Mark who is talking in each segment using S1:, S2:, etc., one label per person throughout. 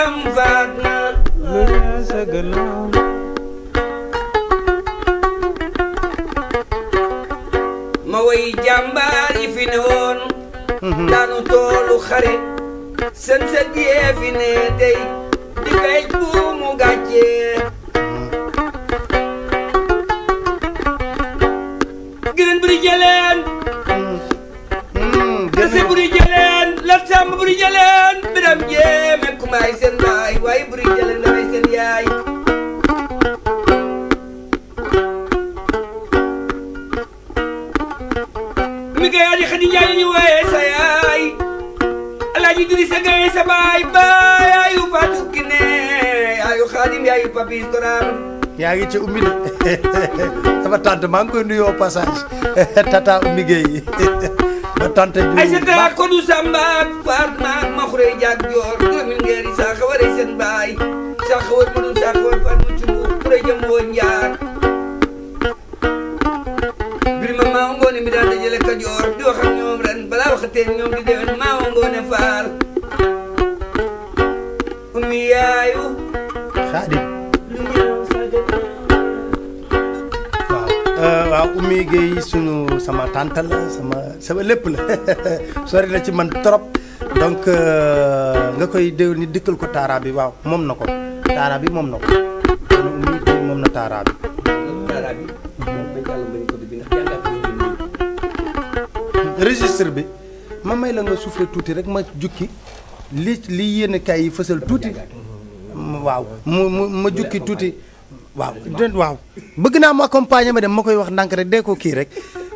S1: yaram baat ma woy jàmbaar yi fi ne woon daanu toolu xare seen sa diyee fi ne tey di kay buumu gàccee gërën buri jëleen hmm. hmm. gëse buri jëleen lat sàmb buri jëleen biram jee maay seen maay waaye buri jële naway seen yaay mi nga yaa di xadi njaay ñu wooye sa yaay alaaji diri sa gaye sa baay baay yaayu Fatou Kiné yaayu Xaadim yaayu Papis Koram
S2: yaa ngi ci ummi de sama tante maa ngi koy nuyoo passage tata ummi Gueye ma
S1: tante bi ay sa taa kodu samba faat ma ma xuree jaag joor seen ñoom di déwén maawa ngoone faal umi yaayu xaadim
S2: euh, waaw Oumy Gueye sunu sama tante la sama sama lépp la sori na ci man trop donc euh, nga koy déw ni dikkal ko taara bi waaw moom na ko taara bi moom na ko kon Oumy Gueye moom na taara bi. bi. ma may la nga soufflé tuuti rek ma jukki li li yéen kay yi fësal tuuti waaw mu mu ma jukki tuuti waaw waaw bëgg naa mu accompagner ma dem ma koy wax ndànk rek dee ko kii rek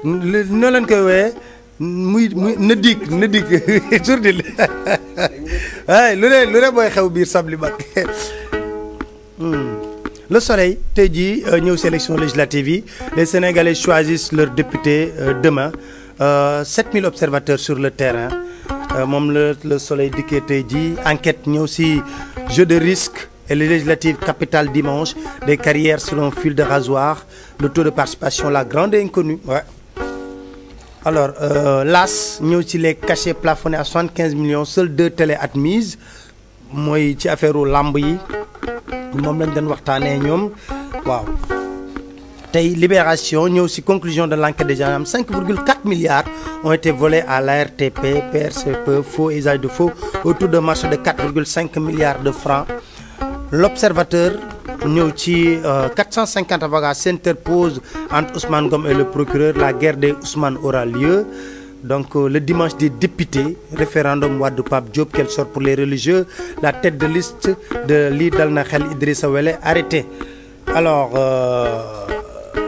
S2: noo leen koy wooyee muy muy na dikk na li ay lu ne lu ne mooy xew biir sabli mag hmm. Le Soleil tey jii euh, ñëw sélection législative yi les Sénégalais choisissent leur député euh, demain 7000 euh, observateurs sur le terrain euh, moom la le soleil dikkee tey jii enquête ñëw si jeu de risque et les législatives capitales dimanche des carrières selon fil de rasoir le taux de participation la grande inconnue ouais. alors euh, l'AS ñëw ci les cachets plafonnés à 75 millions seules deux télé admises mooy ci affaire u làmb yi moom lañ doon waxtaanee ñoom tey Libération ñëw ci conclusion de l'enquête de gendarme 5,4 milliards ont été volés à l'ARTP PRCP faux et usage de faux autour d'un marché de 4,5 milliards de francs l'observateur ñëw ci 450 euh, avocats s'interposent entre Ousmane Ngom et le procureur la guerre des Ousmane aura lieu donc euh, le dimanche des députés référendum Wade Pape Diop quelle sorte pour les religieux la tête de liste de lii dal na xel Idrissa Wele arrêté euh,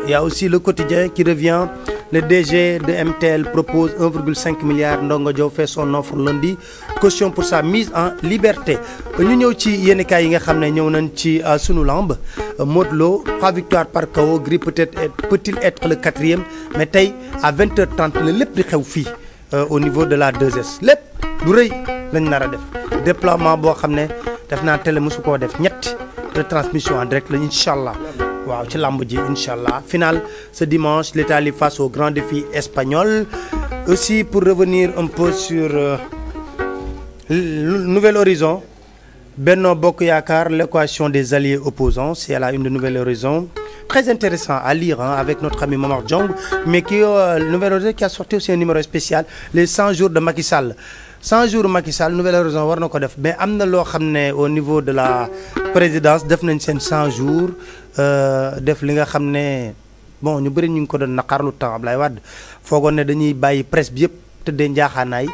S2: Il y a aussi le quotidien qui revient. Le DG de MTL propose 1,5 milliard Ndongo Diop fait son offre lundi caution pour sa mise en liberté ñu ñëw ci yenn yi nga xam ne ñëw nañ ci euh, sunu lamb Modou Lo trois victoires par KO Gris peut-être peut-il être le quatrième mais tey à 20h30 la lépp di xew fii euh, au niveau de la deux s lépp lu rëy lañ nar a def déploiement boo xam ne def naa télé mosu koo def ñett retransmission en direct la incha allah. waaw ci làmb ji incha allah final ce dimanche l'Italie face au grand défi espagnol aussi pour revenir un peu sur euh, Nouvel Horizon Benno Bokk Yaakaar l'équation des alliés opposants c'est la une de Nouvel Horizon très intéressant à lire avec notre ami Momar Diong mais qui euh, Nouvel Horizon qui a sorti aussi un numéro spécial les jours de Macky Sall 100 jour Macky Sall nouvelle horizon war na ko def mais am na loo xam ne au niveau de la présidence def nañ seen 100 jours euh, def li nga xam ne bon ñu bëri ñu ngi ko doon naqarlu temps Ablaye Wade foogoon ne dañuy bàyyi presse bi yëpp tëddee njaaxaanaay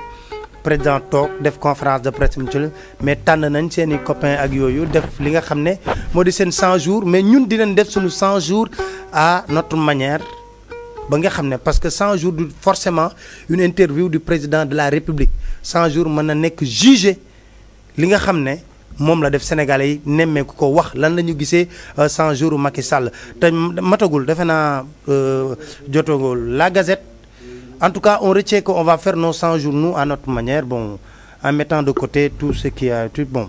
S2: président toog def conférence de presse mu mais tànn nañ seen i copains ak yooyu def li nga xam ne moo di seen 100 jours mais ñun dinañ def suñu 100 jours à notre manière. ba nga xam ne parce que 100 jours du forcément une interview du président de la république 100 jours mën na nekk jugé li nga xam ne moom la def sénégalais yi nemmeeku ko wax lan la ñu gisee 100 euh, jours Macky Sall te matagul defe naa euh, jotagul la Gazette en tout cas on retient on va faire nos 100 jour nous à notre manière bon en mettant de côté tout ce qui a tout bon.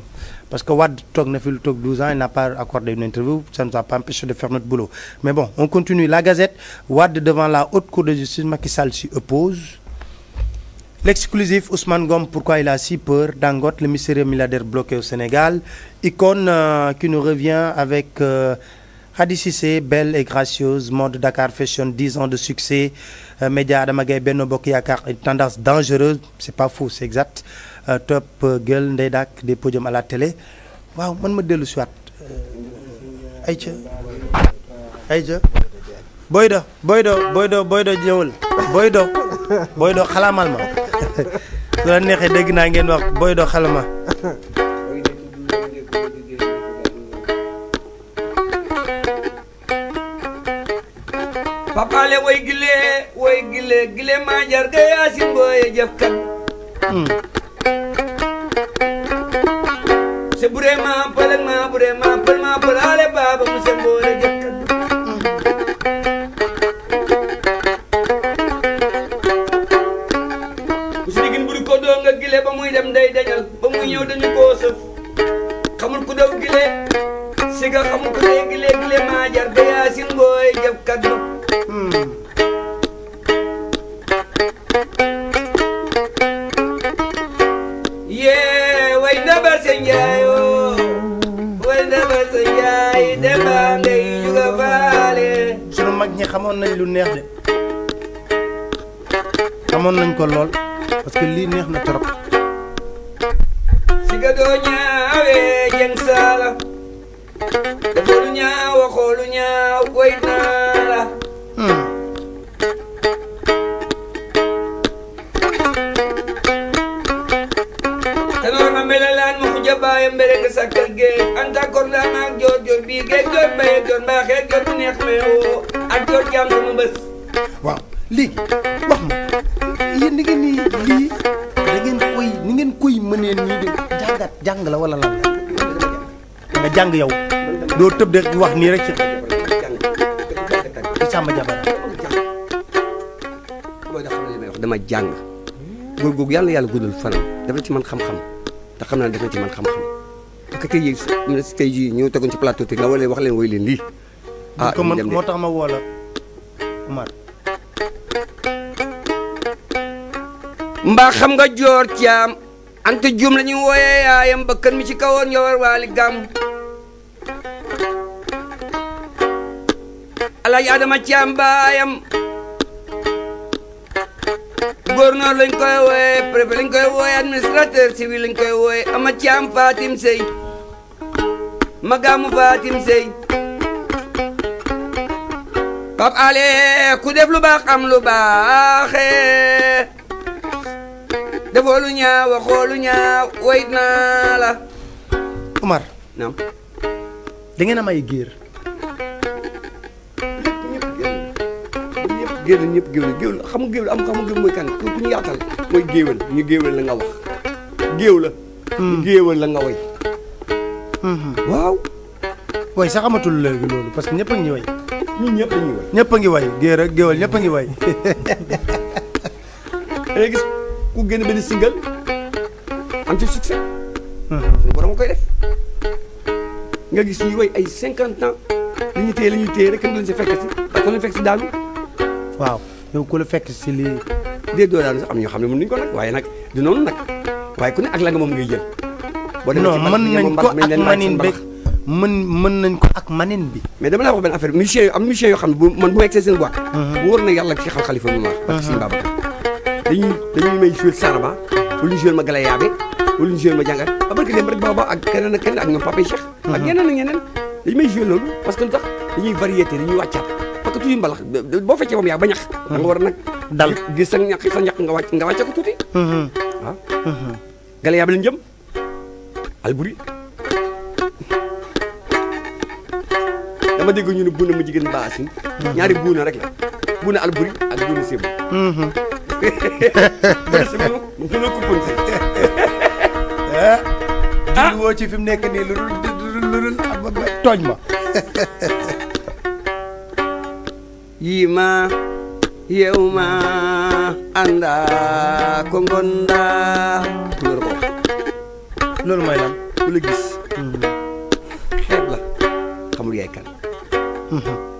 S2: Parce que Wad Tog Nefil Tog 12 ans, il n'a pas accordé une interview, ça ne nous pas empêché de faire notre boulot. Mais bon, on continue. La Gazette, Wad devant la haute cour de justice, Macky Sall oppose. L'exclusif Ousmane Gom, pourquoi il a si peur Dangote, le mystérieux milliardaire bloqué au Sénégal. Icône euh, qui nous revient avec euh, Hadississé, belle et gracieuse, mode Dakar Fashion, 10 ans de succès. Euh, média Adamagay Benobok Yakar, une tendance dangereuse, Euh, topp euh, gël ndey dàkk des podiums à télé waaw man ma dellu si waat euh, ayca ayca booy booy do booy do booy do booy do xalaamal ma su neexee dégg naa ngeen wax booy do xalama
S1: papale way gile way gile gile maa njar ga yaasin booye jëf kat hmm. se bure ma pal ma bure ma pal ma palale baba mu se bure jakkan musigin buri ko doo nga ba muy dem day dañal ba muy ñëw dañu koo sëf xamul ku daw gile siga xamul ku dee gile gile maa jar da yaa si ngooy jakkan ma yeah. ay demba mag ñi xamoon nañ lu neex de
S2: xamoon nañ ko lool parce lii neex na trop
S1: si nga doo ñaawee jëng saala dafa du ñaaw mbaye mbéreg sa ge anta kordaana ak joor joor bii geeg joor mbaye joor mbaa xeeg joor
S3: mu neex ma ni ngeen koy ni ngeen koy jàng
S2: wala la nga jàng yow doo tëb de wax nii rek ci sàmm jabara
S3: dama jàng góor googu yàlla yàlla guddal fanam def na ci man xam-xam te xam naa def ci man xam-xam que tey jii ñu ne si tey jii ñu tegoon ci plateau te nga wala wax leen woy leen lii. ah moo
S1: tax ma woo la mbaa xam nga joor caam ante juum la ñuy wooyee yaayam bakkan mi ci kawoon yowar waali gàmm alaaji adama caam baayam gouverneur lañ koy wooyee préfet lañ koy wooyee administrateur civil lañ koy wooyee ama caam fatim sey ma gàmmu sëy Pape Alé ku def lu baax am lu baaxe defoo lu ñaaw waxoo lu ñaaw wayit naa la
S3: Omar naam da ngeen a may géer géer la ñëpp géwél géwél xam nga géwél am xam nga mooy kan ku ñu yaatal mooy géwél la nga wax géew la ñu hmm. géwél la nga way
S2: Mm-hmm. waaw. way sax amatul léegi loolu parce que ñëpp a ngi way.
S3: ñun ñëpp ngi way.
S2: ñëpp a ngi way géer ak géwal ñëpp ngi way.
S3: da gis ku génn benn single am ci succès. Mm-hmm. suñu borom nga koy def nga gis ñuy way ay cinquante ans li ñu téye li ñu si fekk si dafa leen fekk si daanu. waaw yow ku fekk si lii. déedéet doo daanu sax am ñoo xam ne mun mënuñ ko nag waaye nag di noonu nag waaye ku ne ak la ngay jël. non mën nañ ko ak manin bi mën mën nañ ko ak manin bi mais dama laa wax benn affaire musicien am musicien yoo xam ne bu man bu ma egsee seen boîte mhm. wóor na yàlla ci xal xalifa mu laa ak sin Babacar dañuy dañuy may jouer saraba wala ñu jouer ma galayaabe wala ñu jouer ma jàngat abarka dem rek baba ak keneen ak keneen ak ñoom Papa Cheikh ak mhm. ñeneen ak ñeneen dañu may jouer loolu parce que lu tax dañuy variété dañuy wàccaat parce que tuuti mbalax boo feccee moom yaa ba ñax da mhm. war a nag dal gis sa nga wàcc nga wàcce ko tuuti waaw ah. Alboury dama dégg ñu ne buuna mu jigéen baasin ñaari buuna rek la buuna Alboury ak buuna Sébou. buuna mhm. Sébou ah. mu gën a kuppoon si. ah di woo ci fi mu nekk nii lu dul lu dul tooñ ma. yii ma yeewu ma ànda ko ngonda. loolu mooy lan ku la gis. xeeb la xamul yaay kan.